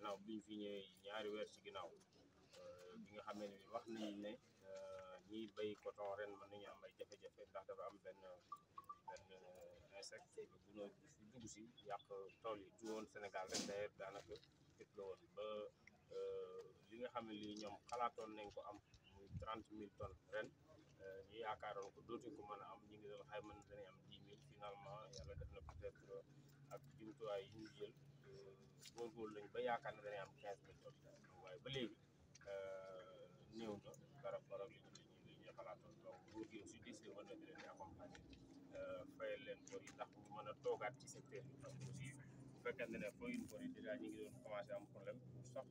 gannaaw bi ñu fi ñaari weer ci ginnaaw euh, bi nga xam ne wax nañu ne euh, ñiy bay coton ren mën nañu am ay jafe-jafe ndax dafa am benn benn euh, insecte bu gunóor si fi si yàq tool yi du woon Sénégal rek d'ailleurs daanaka fépp la woon ba li nga xam ne lii ñoom xalaatoon nañ ko am muy trente mille tonnes ren ñu yaakaaroon ko dootuñ ko mën a am ñu ngi doon xayma ne danañ am dix finalement yàlla def na peut ak jumtuwaay yi ñu góorgóorlu nañu ba yaakaar na dañuy am quinze mille ba léegi euh, néew na par rapport ak li ñu ñuy xalaatoon donc nguur gi aussi décidé woon na di leen di accompagner euh, fayal leen bor yi ndax ñu a toogaat ci secteur bi parce que aussi bu fekkee ne ne fooy une déjà ñu ngi doon commencé am problème sax